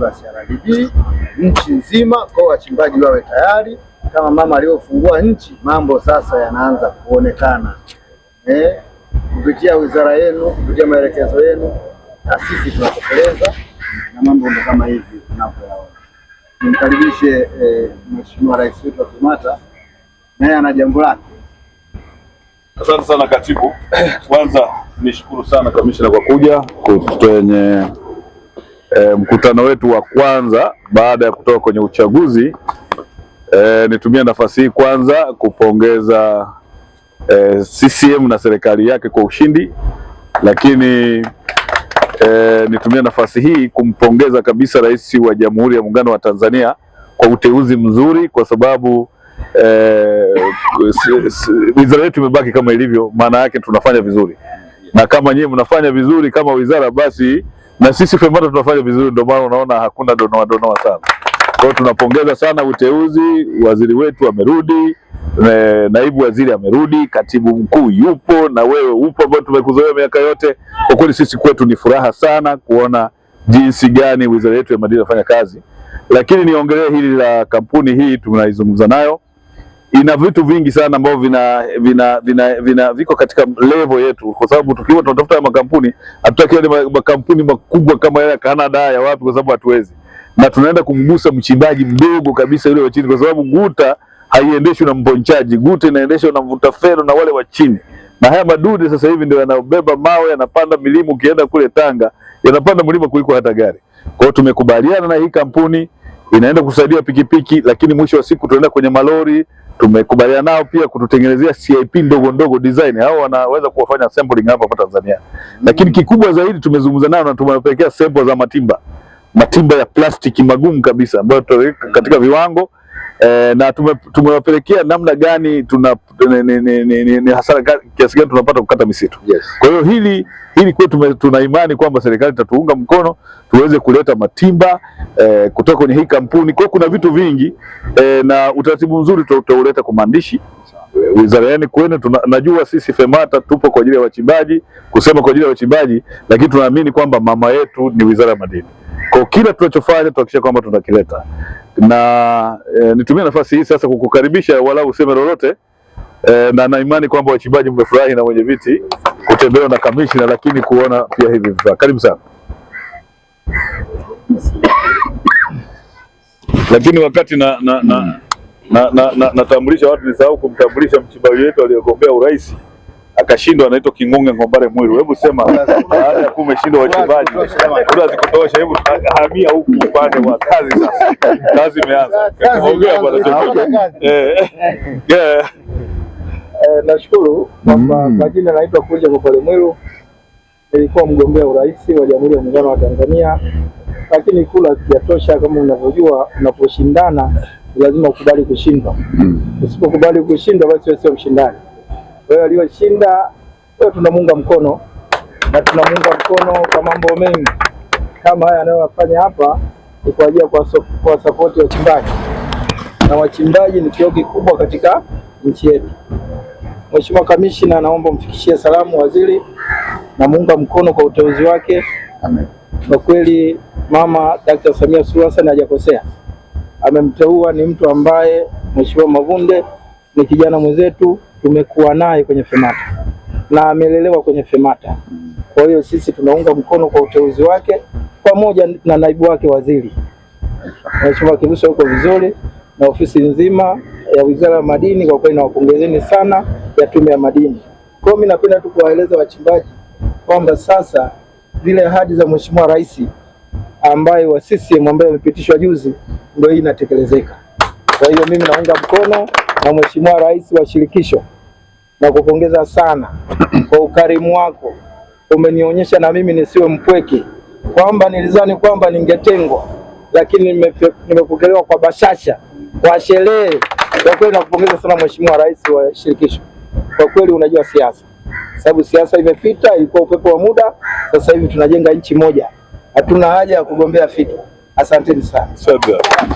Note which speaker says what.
Speaker 1: wa CRDB nchi nzima, kwa wachimbaji wawe tayari kama mama aliyofungua nchi. Mambo sasa yanaanza kuonekana eh, kupitia wizara yenu, kupitia maelekezo yenu, na sisi tunatekeleza na mambo ndio kama hivi tunapoyaona. Nimkaribishe eh, Mheshimiwa Rais wetu wa Tumata, naye ana jambo lake.
Speaker 2: Asante sana katibu. Kwanza nishukuru sana kamishna kwa kuja kwenye e, mkutano wetu wa kwanza baada ya kutoka kwenye uchaguzi e, nitumie nafasi hii kwanza kupongeza e, eh, CCM na serikali yake kwa ushindi, lakini e, nitumie nafasi hii kumpongeza kabisa Rais wa Jamhuri ya Muungano wa Tanzania kwa uteuzi mzuri kwa sababu wizara eh, yetu imebaki kama ilivyo, maana yake tunafanya vizuri, na kama nyinyi mnafanya vizuri kama wizara, basi na sisi FEMATA tunafanya vizuri, ndio maana unaona hakuna donoa donoa sana. Kwa hiyo tunapongeza sana uteuzi, waziri wetu amerudi, wa naibu waziri amerudi, katibu mkuu yupo na wewe upo, ambao tumekuzoea miaka yote. Kwa kweli sisi kwetu ni furaha sana kuona jinsi gani wizara yetu ya madini inafanya kazi, lakini niongelee hili la kampuni hii tunaizungumza nayo ina vitu vingi sana ambavyo vina, vina, vina, vina viko katika level yetu, kwa sababu tukiwa tunatafuta makampuni hatutaki yale makampuni makubwa kama yale ya Canada ya wapi, kwa sababu hatuwezi, na tunaenda kumgusa mchimbaji mdogo kabisa yule wa chini, kwa sababu guta haiendeshwi na mbonchaji, guta inaendeshwa na mvuta fero na wale wa chini. Na haya madude sasa hivi ndio yanabeba mawe yanapanda milima, ukienda kule Tanga yanapanda mlima kuliko hata gari. Kwa hiyo tumekubaliana na hii kampuni inaenda kusaidia pikipiki, lakini mwisho wa siku tunaenda kwenye malori tumekubaliana nao pia kututengenezea CIP ndogo ndogo design, hao wanaweza kuwafanya sampling hapa hapa Tanzania mm. Lakini kikubwa zaidi tumezungumza nao na tumewapelekea sample za matimba matimba ya plastiki magumu kabisa ambayo tutaweka katika viwango e, na tumewapelekea namna gani tuna ni ni, ni, ni, ni, ni hasara kiasi gani tunapata kukata misitu yes. Kwa hiyo hili hili kwetu tuna imani kwamba serikali itatuunga mkono tuweze kuleta matimba e, kutoka kwenye hii kampuni. Kwa hiyo kuna vitu vingi e, na utaratibu mzuri tutauleta kwa maandishi wizara yani kwenu. Najua sisi FEMATA tupo kwa ajili ya wachimbaji, kusema kwa ajili ya wachimbaji, lakini tunaamini kwamba mama yetu ni wizara ya madini. Kwa kila tunachofanya tuhakikisha kwamba tunakileta na e, nitumie nafasi hii sasa kukukaribisha wala useme lolote e, na na imani kwamba wachimbaji mmefurahi na wenye viti kutembelewa na kamishna, lakini kuona pia hivi vifaa. Karibu sana. Lakini wakati na na, na, na, na, na, na, natambulisha watu nisahau kumtambulisha mchimbaji wetu aliyegombea urais akashindwa, anaitwa Kingonge Ngombare Mwiru. Hebu sema baada ya kuwa umeshindwa kura zikutosha, hebu hamia huku upande wa kazi sasa. Kazi imeanza. Ongea bwana. Eh,
Speaker 1: eh. eh. Nashukuru kwamba mm. kwa jina naitwa Kuja ngombale Mwiru, nilikuwa mgombea urais wa Jamhuri ya Muungano wa Tanzania, lakini kura zijatosha Kama unavyojua, unaposhindana lazima ukubali kushindwa. Mm. Usipokubali kushindwa, basi wewe sio mshindani hiyo aliyoshinda wewe, tunamuunga mkono na tunamuunga mkono kwa mambo mengi kama haya anayoyafanya hapa, ni kwa ajili ya kuwasapoti wachimbaji, na wachimbaji ni kioo kikubwa katika nchi yetu. Mheshimiwa Kamishna, naomba mfikishie salamu waziri, namuunga mkono kwa uteuzi wake. Amen. Kwa kweli Mama Dkt. Samia Suluhu Hassan hajakosea, amemteua ni mtu ambaye, Mheshimiwa Mavunde ni kijana mwenzetu tumekuwa naye kwenye FEMATA na amelelewa kwenye FEMATA. Kwa hiyo sisi tunaunga mkono kwa uteuzi wake pamoja na naibu wake waziri Mheshimiwa Kirusa, uko vizuri na ofisi nzima ya Wizara ya Madini, kwa kweli nawapongezeni sana ya Tume ya Madini. Kwa hiyo mimi napenda tu kuwaeleza wachimbaji kwamba sasa zile ahadi za Mheshimiwa Rais ambaye wa CCM ambaye amepitishwa juzi ndio hii inatekelezeka. Kwa hiyo mimi naunga mkono na Mheshimiwa Rais wa shirikisho na kupongeza sana kwa ukarimu wako. Umenionyesha na mimi nisiwe mpweke, kwamba nilizani kwamba ningetengwa, lakini nimepokelewa kwa bashasha, kwa sherehe. Kwa kweli nakupongeza sana Mheshimiwa Rais wa Shirikisho, kwa kweli unajua siasa, sababu siasa imepita, ilikuwa upepo wa muda. Sasa hivi tunajenga nchi moja, hatuna haja ya kugombea fito. Asanteni sana.